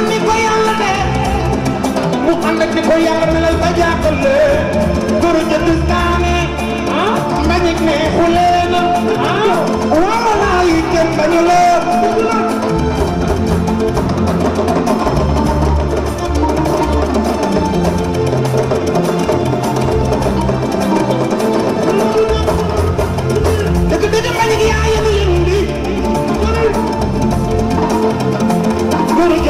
mel ni ko yàlla de mu ànd ak ni ko yàlla melal ba jaaxal leen góoru jënd saane ah mbañik ne xulee na ah waaw laa yi kenn bañu leen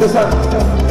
Yes, sir.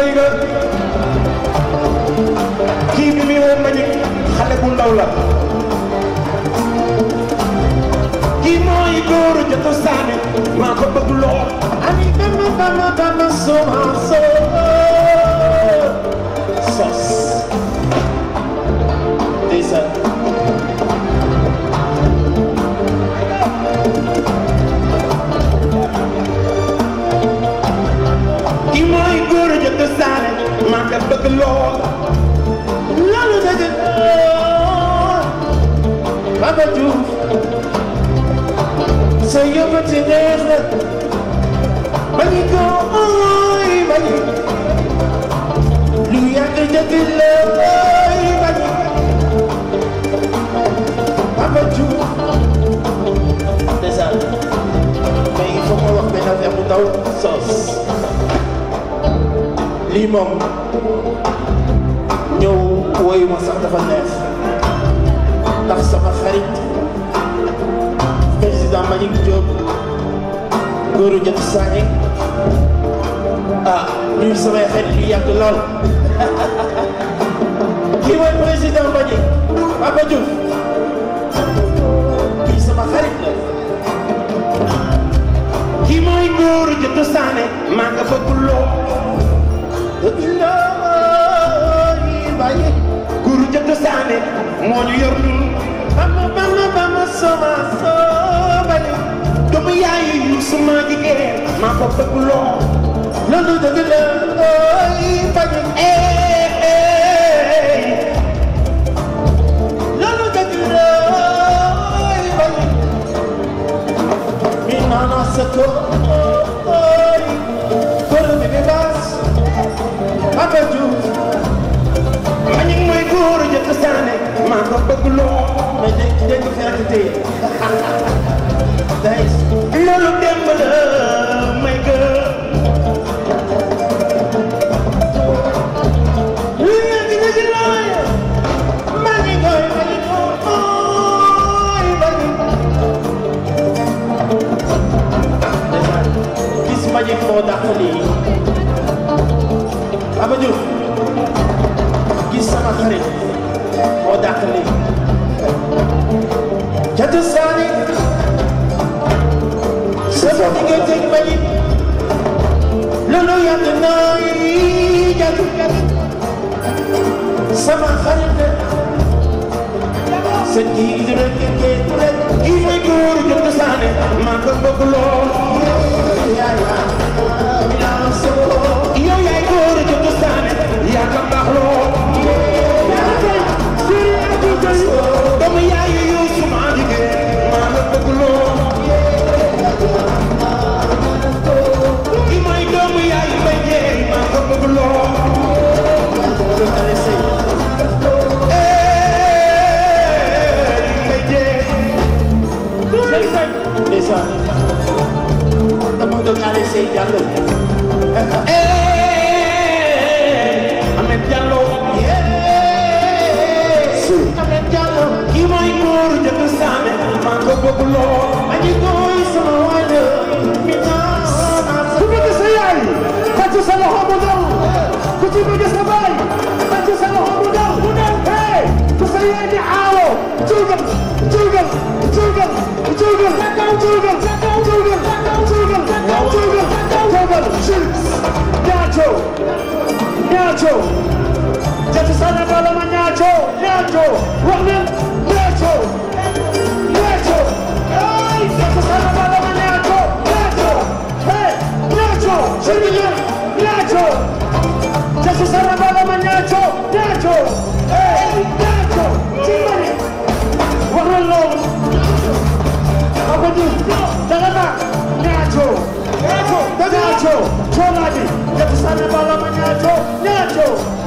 doy na kii bi muy woon ma njëkk xale bu ndaw la kii mooy góoru jotu saane maa ko bëgg lool ani dama dama dama soma so sos of the Lord. Lord of the Lord. Papa do. Say your pretty days. When you go on, when you. Louis, I can just be loved. Papa do. Des âmes. Mais il faut qu'on leur mette un verre de sauce. Limon. yooyu moom sax dafa neex ndax sama xarit président Malick Diop góoru jëti saane ah ñuy samay xarit yu yàgg lool kii mooy président Malick Papa Diouf kii sama xarit la kii mooy góoru jëti saane maa nga bëgg loo Bye. jënd saane moo ñu yor ñun. bama bama bama soma soobali. doomu yaayu yu suma jigéen. maa ko bëgg lool. loolu dëgg la. Oh. because the Lord. Sey Diallo Ahmed Diallo Ahmed Diallo kii mooy góor njëkk saame maa ko bëgg lool ma ngi koy sama wàll mi naa ku bëgg sa yaay tàcc sa loxo bu ndaw ku ci bëgg sa baay tàcc sa loxo bu ndaw bu ndaw hey ku sa yaay di aawoo jugal jugal jugal jugal jugal Nyacho, Nyacho, Jesusana Paloma Nyacho, Nyacho.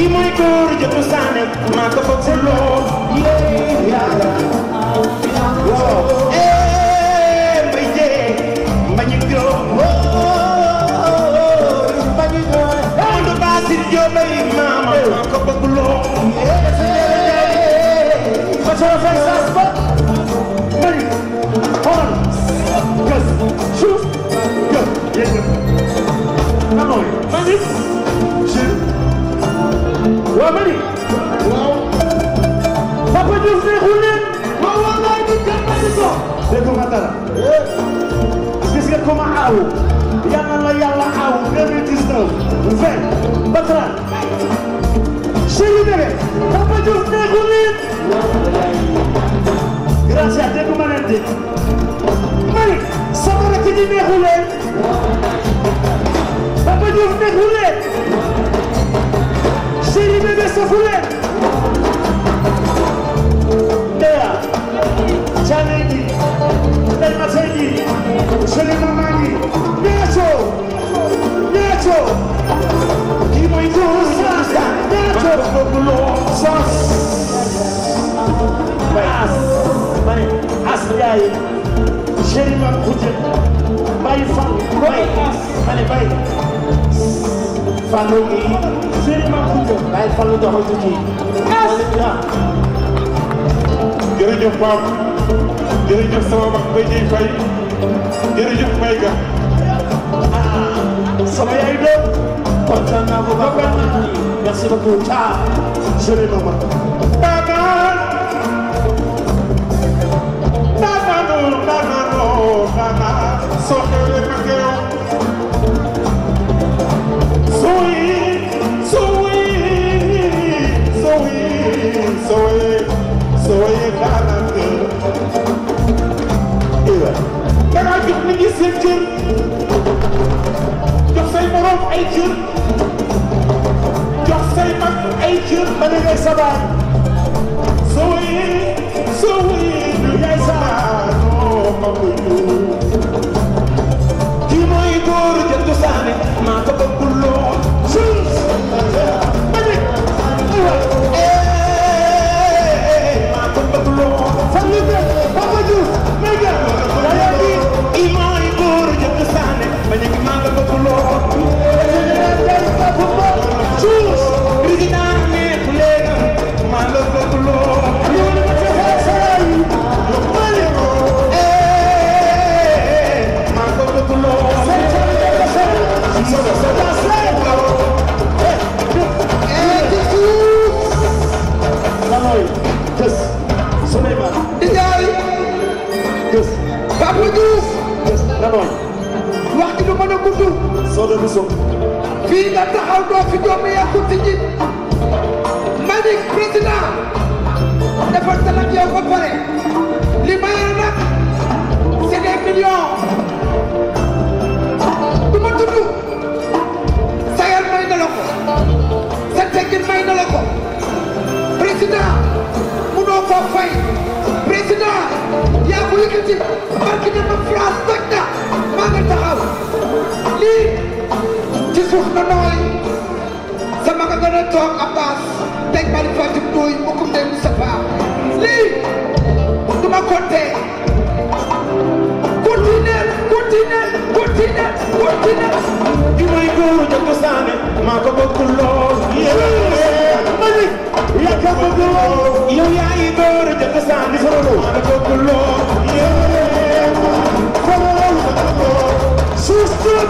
kii mooy góor jotu saane maa ko foog si lool Mama, I'm a couple of blow. Yeah, yeah, yeah. What's up, what's up? waa ma ni waaw Papa Diouf neexul leen waaw wallaay di jàppandi ko déglu ma dara gis nga ko ma aawu yal na la yàlla aawu 2019 20 ba 30 chéri bébé Papa ma leen dégg ma ni sama rakk di neexul leen Papa Diouf neexul Vassili Bebesofuler. Dea, Cianeghi, Del Maceghi, Celemamani, Necio, Necio, Timo Indossa, Necio, Sos, Bas, Bas, Asliai, Celimam Kujem, Baifan, Baifas, Bale, Baifas. Fallou Gueye waaye Fallou doxal ci kii jërëjëf Pape sama mag bay jëy fay jërëjëf may ga sama yaay doon kontaan naa bu baax mama Baban Babanoo Babanoo Baban soo xewlee ma danoon wax ji du mën a gudd Soda Bousso fii nga taxaw doo fi jomm yàggut ci ji ma ni talag yow ba pare li maye nag c'est des du ma tudd sa may na sa teggin may na la ko président munoo koo fay président yaa ko yëkkati barki na ma France toj dama nga taxaw lii ci suuf na nooy sama nga gën a toog Abbas teg bari Fatim Ndoy mukkum de Moustapha lii du ma compté continuer continuer continuer continuer di may góor ja ko saane maa ko bokk lool yaa ko bëgg yow yaay góor ja ko saane sama maa ko bokk lool System!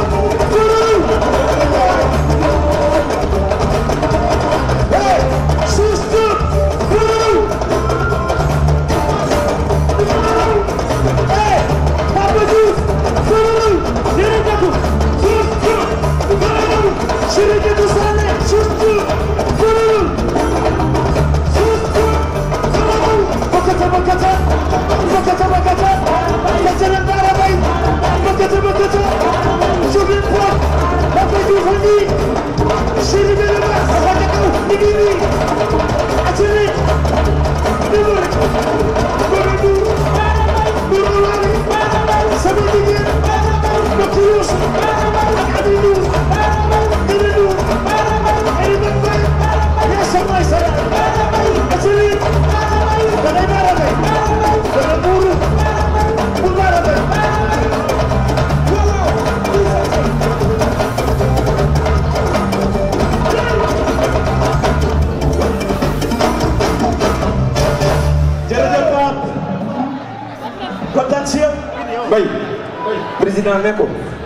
Brasileiro, né, pô?